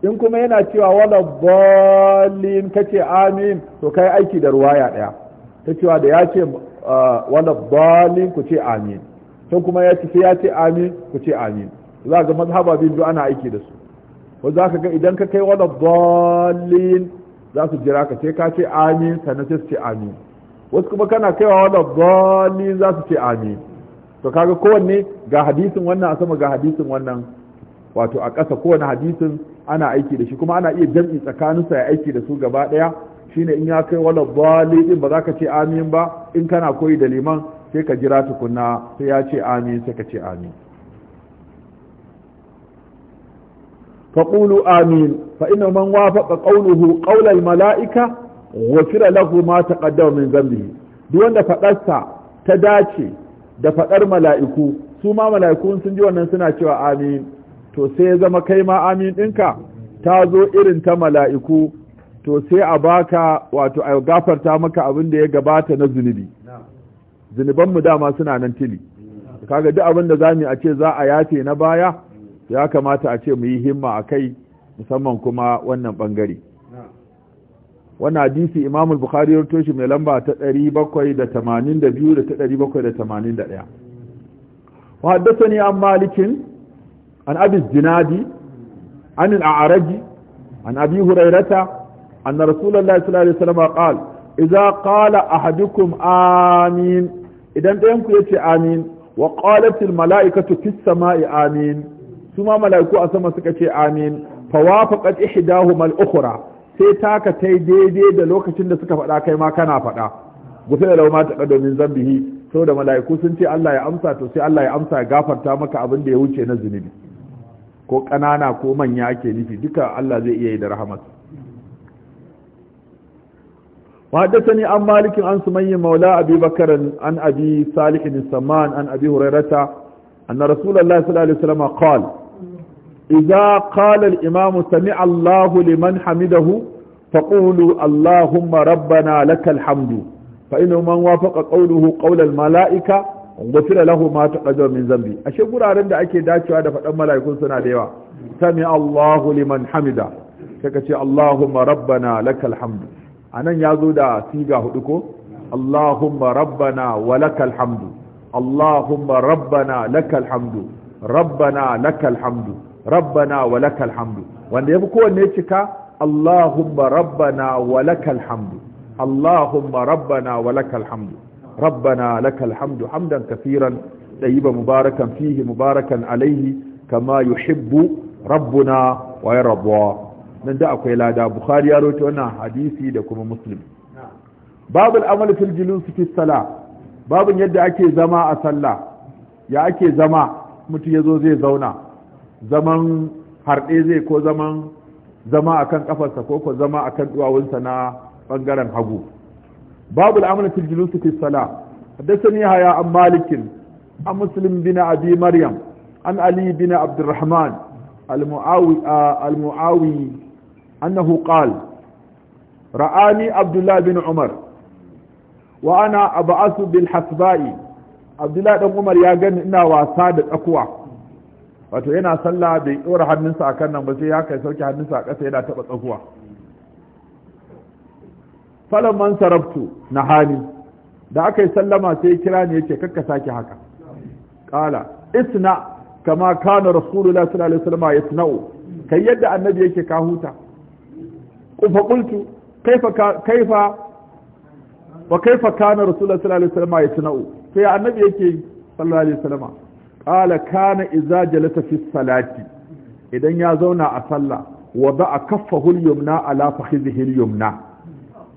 in kuma yana cewa wala dalil kace amin to kai aiki da ruwaya daya ta cewa da ya ce ah, wala dalil ku ce amin sai kuma ya ce sai ya ce amin ku ce amin za ga mazhaba bin duk ana aiki da su ko za ka ga idan ka kai wani dalilin za su jira ka sai ka ce amin sannan sai su ce amin wasu kuma kana kaiwa wani dalilin za su ce amin to kaga kowanne ga hadisin wannan a sama ga hadisin wannan wato a ƙasa kowane hadisin ana aiki da shi kuma ana iya jam'i tsakaninsa ya aiki da su gaba daya shine in ya kai wala bali ba za ka ce amin ba in kana koyi da liman sai ka jira tukunna sai ya ce amin sai ka ce amin Amin فقولوا man فإن من وافق قوله wa الملائكة lahu ma ما تقدم من ذنبه دون da faɗarsa ta dace da faɗar mala'iku su ma mala'ikun sun ji wannan suna cewa amin to sai ya zama kai ma amin dinka ta zo irin ta mala'iku to sai a baka wato a gafarta maka abin da ya gabata na zunubi zunubanmu dama suna nan tili kaga duk abin da zamu a ce za a yace na baya ya kamata a ce mu yi himma a kai musamman kuma wannan bangare wannan hadisi imam al-bukhari ya shi mai lamba ta 782 da ta 781 wa haddathani an malikin an abi zinadi an al-a'raj an abi hurairata anna rasulullahi sallallahu alaihi wasallam qala idza qala ahadukum amin idan ɗayan ku yace amin wa qalatil mala'ikatu fis sama'i amin su ma mala'iku a sama suka ce amin fa wafaqat ihdahuma al-ukhra sai taka tai daidai da lokacin da suka faɗa kai ma kana faɗa gusa da ma ta min zambihi saboda mala'iku sun ce Allah ya amsa to sai Allah ya amsa ya gafarta maka abin da ya wuce na zunubi ko ƙanana ko manya ake nufi duka Allah zai iya yi da rahamarsa وحدثني عن مالك عن سمي مولى أبي بكر عن أبي صالح السمان عن أبي هريرة أن رسول الله صلى الله عليه وسلم قال إذا قال الإمام سمع الله لمن حمده فقولوا اللهم ربنا لك الحمد فإنه من وافق قوله قول الملائكة غفر له ما تقدم من ذنبي ashe guraren da ake dacewa da faɗan mala'ikun suna da yawa sami Allahu liman hamida kaka ce Allahumma rabbana lakal hamdu a nan ya zo da siga hudu ko allahumma rabbana wa lakal hamdu allahumma rabbana lakal hamdu rabbana lakal hamdu rabbana wa lakal hamdu wanda fi kowanne cika allahumma rabbana wa lakal hamdu allahumma rabbana wa lakal hamdu rabbana lakal hamdu hamdan kafiran tayyiban mubarakan fihi mubarakan alaihi kama yuhibbu rabbuna wa yarda nan da akwai lada bukhari ya rawaito wannan hadisi da kuma muslim babu al'amal fil julus fi sala babun yadda ake zama a sallah ya ake zama mutum yazo zai zauna zaman harde zai ko zaman zama akan kafarsa ko ko zama akan duwawunsa na bangaren hagu babu al'amal fil julus fi sala حدثني يحيى عن an عن مسلم بن ابي مريم عن علي بن عبد الرحمن المعاوي المعاوي أنه قال رآني عبد الله بن عمر وأنا أبعث بالحسباء عبد الله بن عمر يا جن إنا وصاد أقوى wato yana sallah bai ɗora hannunsa a kan nan ba sai ya kai sauke hannunsa a ƙasa yana taɓa tsakuwa falon man sarabtu na hali da aka yi sallama sai kira ne yake kakka sake haka ƙala isna kama kana rasulullah sallallahu alaihi wasallam yasna'u kai yadda annabi yake ka huta fa qultu kaifa kaifa wa kaifa kana rasulullah sallallahu alaihi wasallam yasna'u sai annabi yake sallallahu alaihi wasallam qala kana idza jalasa salati idan ya zauna a sallah wada'a a al-yumna ala fakhidhihi al-yumna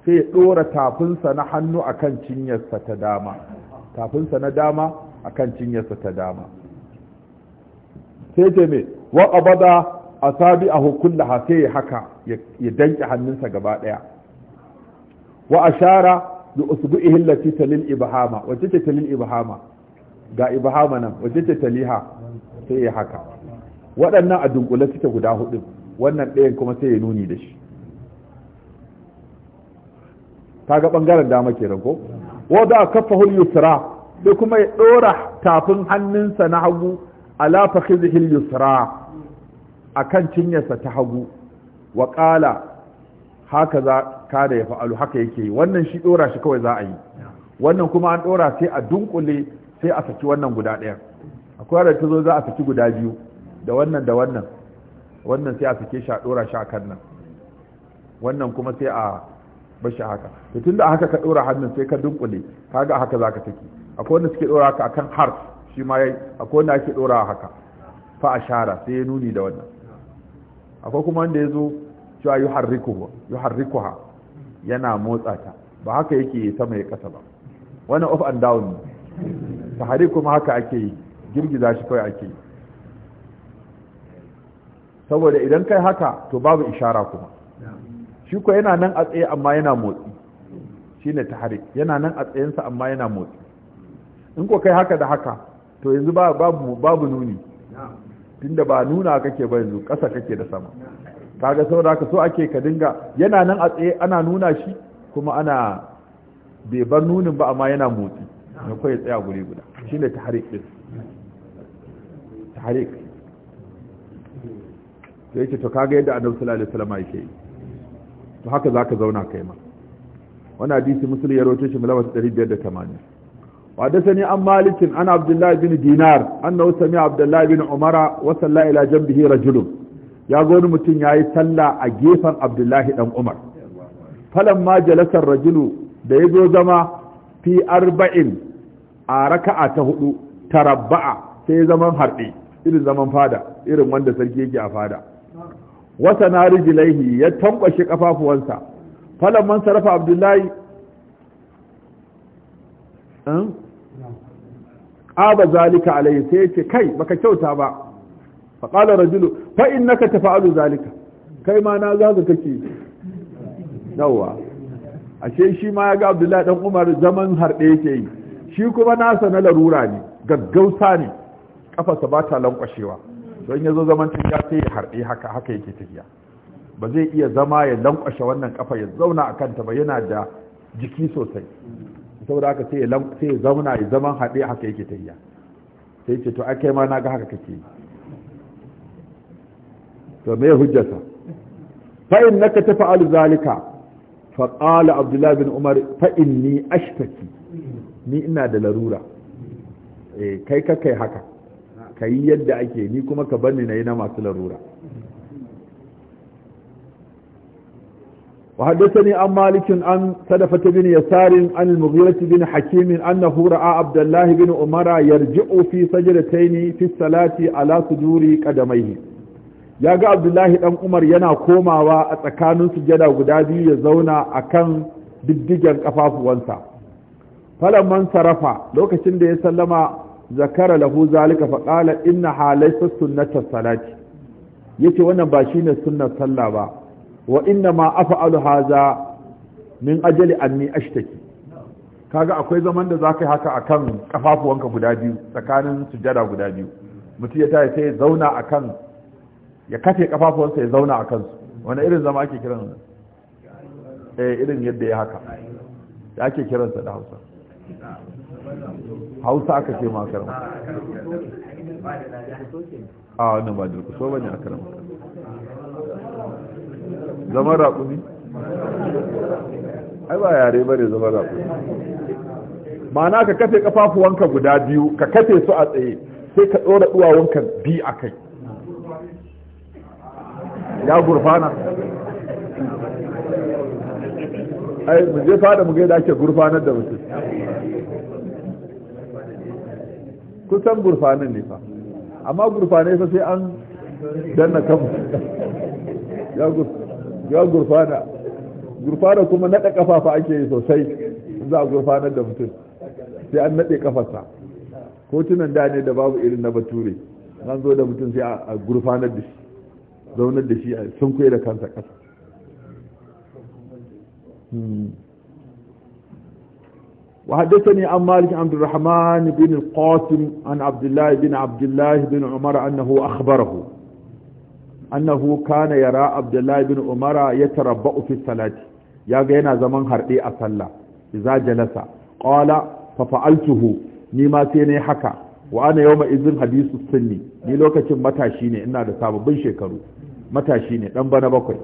sai ɗora tafinsa na hannu akan cinyarsa ta dama tafinsa na dama akan cinyarsa ta dama sai ce me wa qabada asabi a ha sai ya haka ya danke hannunsa gaba daya wa ashara bi usbu'ihi allati talil ibhama wacce ce talil ibhama ga ibhama nan wacce ce taliha sai ya haka waɗannan a dunkule suke guda hudu wannan ɗayan kuma sai ya nuni da shi ta ga ɓangaren dama ke ko wadda a kafa hul yusra da kuma ya ɗora tafin hannunsa na hagu ala fakhidhi yusra akan cinyarsa ta hagu wa ƙala haka za kada ya fa'alu haka yake yi wannan shi ɗora shi kawai za a yi wannan kuma an ɗora sai a dunkule sai a saki wannan guda ɗaya akwai da ta zo za a saki guda biyu da wannan da wannan wannan sai a sake shi a ɗora shi a kan nan wannan kuma sai a bashi haka to tunda haka ka ɗora hannun sai ka dunkule kaga haka za ka saki akwai wanda suke ɗora haka akan harf shi ma yayi akwai wanda ake ɗora haka fa ashara sai ya nuni da wannan akwai kuma wanda ya zo cewa ha yana motsa ta ba haka yake sama ya kasa ba wani off and down Ta hari kuma haka ake yi girgiza shi kawai ake yi saboda idan kai haka to babu ishara kuma shi kuwa yana nan a tsaye amma yana motsi Shi ta hari, yana nan a tsayensa amma yana motsi in ko kai haka da haka to yanzu babu nuni tunda ba nuna kake ba yanzu ƙasa kake da sama kaga saboda ka so ake ka dinga yana nan a tsaye ana nuna shi kuma ana bai bar nunin ba amma yana motsi na kawai tsaya guri guda shi ne tahrik din tahrik to yake to kaga yadda annabi sallallahu alaihi wasallam yake yi to haka zaka zauna kai ma wannan hadisi musulmi ya rawaito shi mulawat 580 وحدثني عن مالك عن عبد الله بن دينار أنه سمع عبد الله بن عمر وصلى إلى جنبه رجل يقول متن ياي صلى أجيفا عبد الله بن عمر فلما جلس الرجل da ya zo zama fi arba'in a raka'a ta hudu tarabba'a sai zaman harɗe irin zaman fada irin wanda sarki yake a fada wata na rijilaihi ya tankwashe kafafuwansa falon man sarrafa abdullahi aba zalika alayhi sai yace kai baka kyauta ba fa qala rajulu fa innaka tafa'alu zalika kai ma na zaga kake yawa ashe shi ma yaga Abdullahi dan Umar zaman harde yake yi shi kuma nasa na larura ne gaggausa ne kafarsa ba ta lankwashewa don zo zaman tafiya sai ya harɗe haka haka yake tafiya ba zai iya zama ya lankwashe wannan kafa ya zauna a kanta ba yana da jiki sosai saboda haka sai ya zauna ya zaman haɗe haka yake tayya sai ce to kai ma na ga haka kake to me hujjata fa innaka taf'alu zalika fa qala abdullah bin umar fa inni ashtaki ni ina da larura eh kai ka kai haka kai yadda ake ni kuma ka banni nayi na masu larura وحدثني عن مالك عن سلفة بن يسار عن المغيرة بن حكيم أنه رأى عبد الله بن عمر يرجع في سجدتين في الصلاة على صدور قدميه ya ga abdullahi dan umar yana komawa a tsakanin sujada guda biyu ya zauna a kan diddigen kafafuwansa man sarafa lokacin da ya sallama zakara lahu zalika fa qala inna halaysa sunnata salati yace wannan ba shine sunnar sallah ba wa inna ma af'alu haza min ajali anni ashtaki kaga akwai zaman da zaka yi haka akan kafafuwanka guda biyu tsakanin sujada guda biyu mutum ya tayi sai ya zauna akan ya kafe kafafuwansa ya zauna akan su wani irin zama ake kiran eh irin yadda ya haka da ake kiransa da Hausa Hausa aka ce ma karama a ah, wannan ba so bane a karama Zama raƙumi ai ba yare ba ne zama raƙumi ma'ana ka kafe kafafuwanka guda biyu ka kafe su a tsaye sai ka ɗora ɗuwawunka bi a kai ya gurfana ai mu je fada mu gaida ake gurfanar da mutum kusan gurfanin ne fa amma gurfanai fa sai an danna kanmu ya gurfa ya gurfana gurfana kuma naɗa kafafa ake yi sosai za a gurfanar da mutum sai an naɗe kafarsa hotunan da ne da babu irin na bature an zo da mutum sai a gurfanar da shi zaunar da shi a sun da kansa ƙasa وحدثني عن مالك عبد الرحمن بن القاسم عن عبد الله بن عبد الله بن عمر أنه أخبره annahu kana yara abdullahi bin umara ya tarabba'u fi salati ga yana zaman harɗe a sallah Iza jalasa ƙwala fa fa'altuhu ni ma sai ne haka wa ana ma izin hadisu sunni ni lokacin matashi ne ina da sababbin shekaru matashi ne dan bana bakwai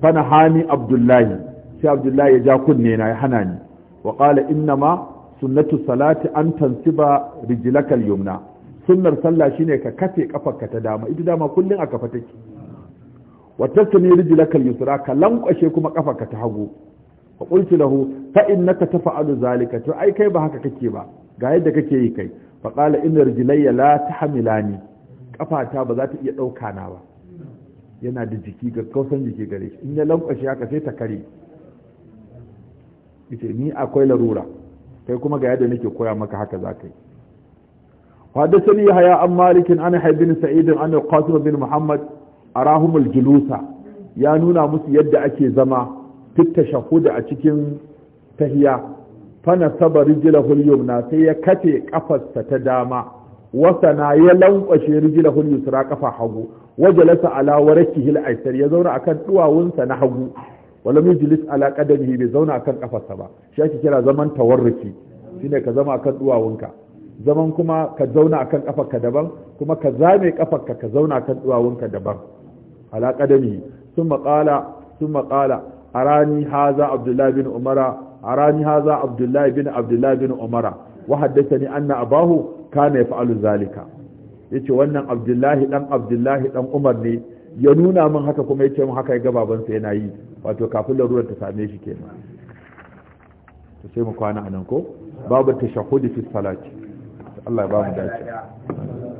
fana hani abdullahi sai abdullahi ya ja kunne na ya hana ni wa qala inna ma sunnatu salati an tansiba rijlaka yumna sunnar sallah shine ka kafe kafarka ta dama ita dama kullum a kafa take wa tasmi rijlaka al-yusra ka lankwashe kuma ka ta hagu fa qultu lahu fa innaka taf'alu zalika to ai kai ba haka kake ba ga yadda kake yi kai fa qala inna rijlayya la tahmilani kafata ba za ta iya ɗauka na ba yana da jiki ga kausan jiki gare in ya lankwashe haka sai ta kare ita ni akwai larura kai kuma ga yadda nake koya maka haka za ka yi حدثني يحيى عن مالك عن حي بن سعيد عن القاسم بن محمد arahumul julusa ya nuna musu yadda ake zama tukta shahuda a cikin tahiya fana saba rijilahu yumna sai ya kace kafarsa ta dama wasana ya lankwashe rijilahu yusra kafa hagu wajalasa ala warakihil aisar ya zauna akan duwawunsa na hagu walam yujlis ala qadamihi bai zauna akan kafarsa ba shi ake kira zaman tawarruki shine ka zama akan duwawunka zaman kuma ka zauna akan kafarka daban kuma ka zame kafarka ka zauna akan duwawunka daban ala قال ثم قال thumma هذا عبد الله بن bin a هذا عبد الله bin عبد bin umara عمر وحدثني anna bahu, kana يفعل zalika yace wannan abdullahi dan abdullahi dan umar ne ya nuna min haka kuma yace min haka ya ga babansa yana yi wato kafin larurar ta same shi kenan to sai mu kwana anan ko babu tashahhudi fi salati Allah ya ba mu dace